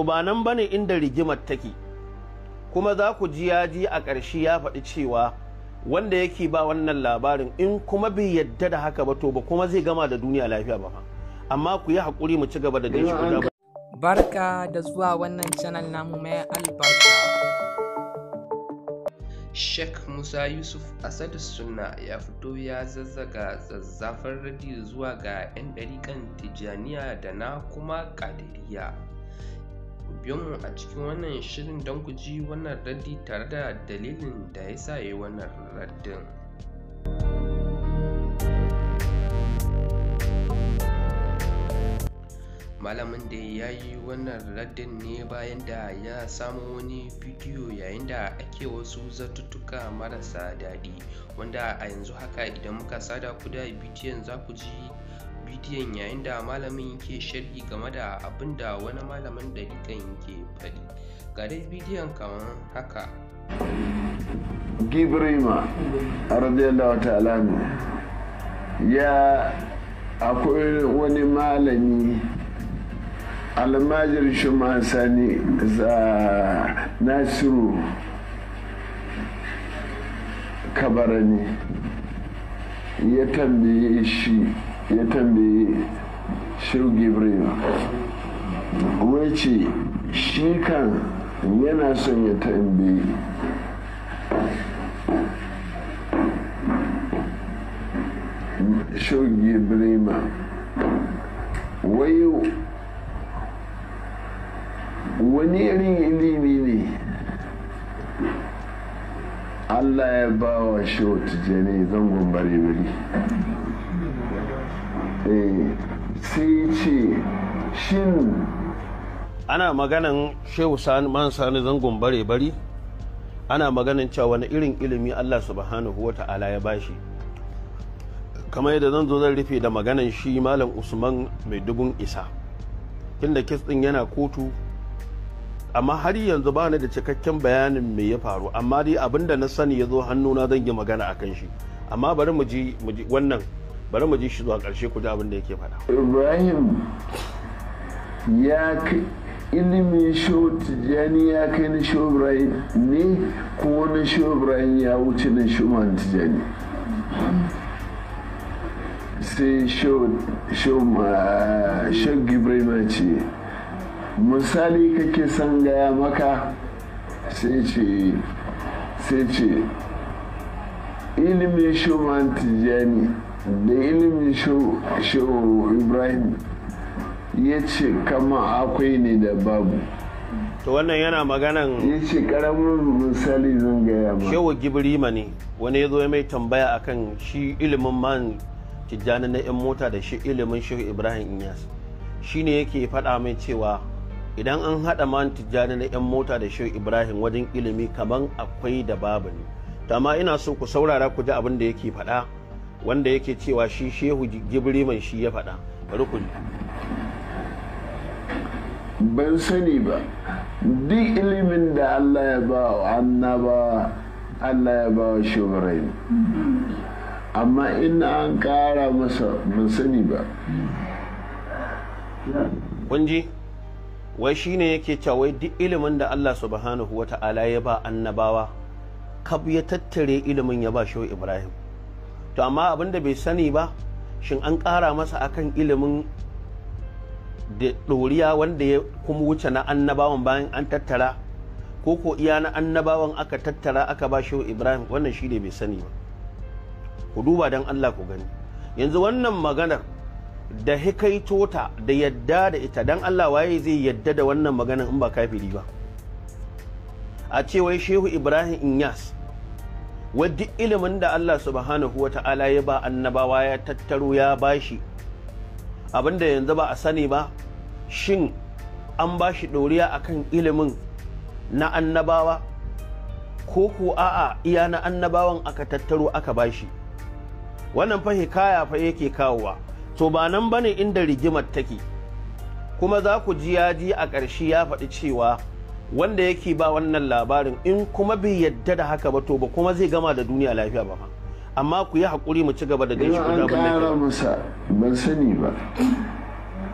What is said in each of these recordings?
to ba nan bane inda rigimar take kuma za ku ji yaji a ƙarshe ya faɗi cewa wanda yake ba wannan labarin in kuma bai yadda da haka ba to ba kuma zai gama da duniya lafiya ba fa amma ku yi haƙuri mu ci gaba da gaishe ku barka da zuwa wannan channel namu mai albarka Sheikh Musa Yusuf Asad Sunna ya fito ya zazzaga zazzafar radiyo zuwa ga 'yan kan tijaniya da na kuma Ƙadiriya. ku biyo mu a cikin wannan shirin don ku ji wannan raddi tare da dalilin da ya sa ya yi wannan raddin. Malamin da ya yi wannan raddin ne bayan da ya samu wani bidiyo yayin da ake wasu zartuttuka marasa daɗi wanda a yanzu haka idan muka sada kuda da bidiyon za ku ji bidiyon yayin da malamin yake sharhi game da abin da wani malamin ɗariƙan yake faɗi ga dai bidiyon kamar haka gibrima radiyallahu ta'ala ya akwai wani malami almajir shuma sani za nasiru kabarani ya tambaye shi ya tambayi shehu wechi wai yena shi kan yana son ya wani irin ilimi bawa shehu tijjani zangon bare-bare eh, sai ce shin ana maganin shehu man sani zangon bare-bare ana maganan cewa wani irin ilimi allah subhanahu wa ta'ala ya bashi kamar yadda zan zo zan rufe da maganan shi malam usman mai dubun isa inda kes din yana kotu amma har yanzu ba ni da cikakken bayanin me ya faru amma dai abin da na sani ya zo hannuna zan yi magana a kan shi amma bari mu ji wannan bari mu ji shi zuwa ƙarshe ku ji abin da yake faɗa. ibrahim ya kai ilimin sho tijjani ya kai na sho ibrahim ne kuma na sho ibrahim ya wuce na man tijjani sai sho ibrahim ce misali kake son gaya maka sai ce sai ce ilimin shoman tijani da ilimin shehu ibrahim ya ce kama akwai ne da babu to wannan yana maganan ya ce karamin misali zan gaya ma shehu gibrima ne wani ya zo ya mai tambaya akan shi ilimin man tijjani na 'yan mota da shi ilimin shehu ibrahim inyas ne yake faɗa mai cewa idan an haɗa man tijjani na 'yan mota da shehu ibrahim wajen ilimi kaman akwai da babu ne ina so ku saurara ku ji abin da yake faɗa wanda yake cewa shi shehu jibriman shi ya faɗa rukuni ban sani ba duk ilimin da allah ya ba wa annaba allah ya ba wa shugabai amma in an kara masa ban sani ba wai shine yake cewa duk ilimin da Allah subhanahu wa ta'ala ya ba annabawa kab ya tattare ilimin ya ba shi Ibrahim to amma abin da bai sani ba shin an kara masa akan ilimin da ɗoriya wanda ya kuma wuce na annabawan bayan an tattara ko ko iya na annabawan aka tattara aka ba shi Ibrahim wannan shi ne bai sani ba ku duba don Allah ku gani yanzu wannan maganar da hikaito ta da yadda da ita dan Allah waye zai yadda da wannan maganin in ba kafiri ba a cewar shehu ibrahim inyas wadda ilimin da Allah subhanahu wa ta'ala ya ba annabawa ya tattaro ya bashi abinda yanzu ba a sani ba shin an bashi shi ɗoriya akan ilimin na annabawa ko ko a'a iya na annabawan aka tattaro aka bashi wannan fa hikaya fa yake kawowa to ba nan ba ne inda rigimar take kuma za ku ji ya ji a ƙarshe ya faɗi cewa wanda yake ba wannan labarin in kuma bai yadda da haka ba to ba kuma zai gama da duniya lafiya ba amma ku yi haƙuri mu ci gaba da gaishe ku da abin masa ban sani ba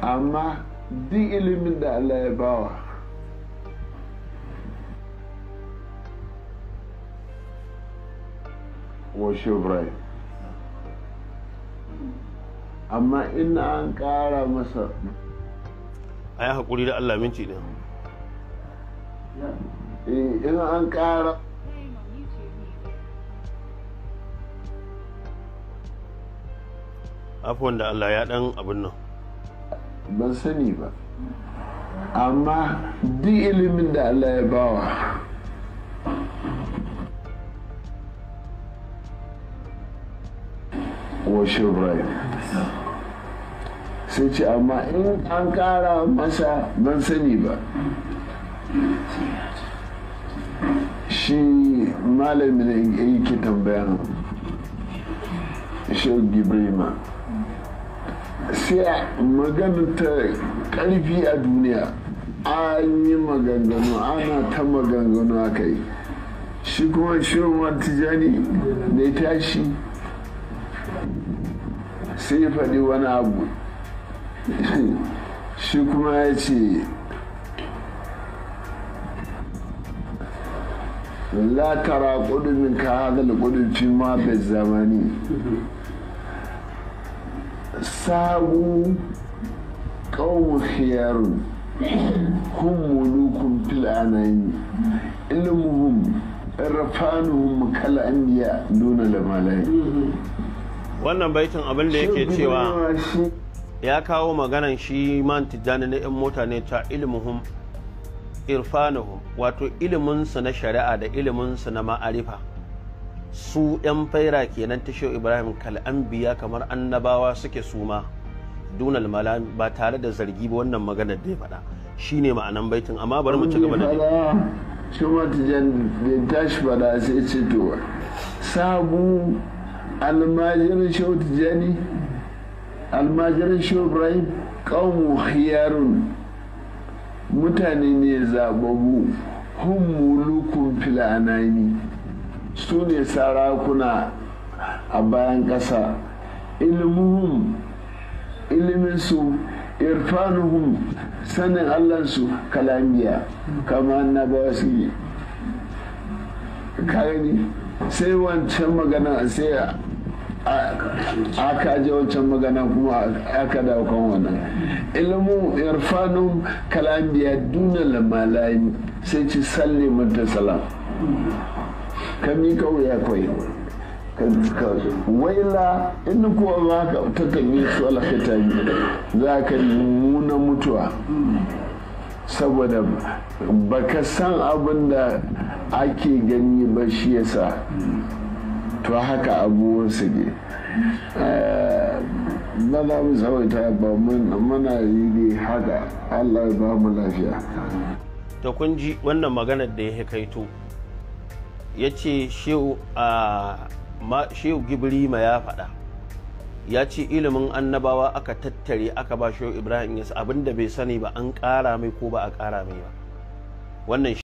amma duk ilimin da Allah ya bawa Washe Ibrahim amma in an ƙara masa a yi haƙuri da Allah minci ne eh, in an ƙara afuwan da Allah ya ɗan abin nan ban sani ba amma duk ilimin da Allah ya bawa washin rai sai ce amma in an kara masa ban sani ba shi malamin yake tambayan shi gibrima sai magana ta karfi a duniya an yi maganganu ana ta maganganu aka yi shi kuma shirin wata jani ne tashi sai yi faɗi wani abu shi kuma ya ce latara ƙudumin ka hadal ƙudufin ma da zamani sabu ƙaunar hiyarun hun mulukun fil'anayi ilmuhum irfanuhum kala indiya nuna da malayi wannan baitin abin da yake cewa ya kawo maganan shi man tijjani na 'yan mota ne ta ilimin irfanuhum wato iliminsu na shari'a da iliminsu na ma'arifa su 'yan faira kenan tasho ibrahim biya kamar annabawa suke suma dunal malam ba tare da zargi ba wannan maganar da ya faɗa shine ma'anan baitin amma bari mu ci gaba da shi ma tijjani ya tashi faɗa sai ce to sabu almajirin shehu tijjani almajirin ibrahim ƙaunmu mutane ne zababu hun mulukun filanani su ne sarakuna a bayan ƙasa ilmuhum iliminsu irfanuhum sanin allansu kalamiya kama ba su yi sai wancan magana sai aka je wancan magana kuma aka dawo kan wannan ilmu irfanu kalam biya duna lamalayi sai ci salli mata salam ka mi kauya kawai waila in kuwa ba ka tattabi su alkhitabi za ka nuna mutuwa saboda ba ka san abin da ake gani ba shi yasa to haka abubuwan ne ba eh, za mu tsawaita ba mana yi ne haka allah ba mu lafiya to kun ji wannan maganar da ya kaito ya ce shehu gibrima ya faɗa ya ce ilimin annabawa aka tattare aka ba shehu ibrahim yasa abinda bai sani ba an ƙara mai ko ba a ƙara mai ba wannan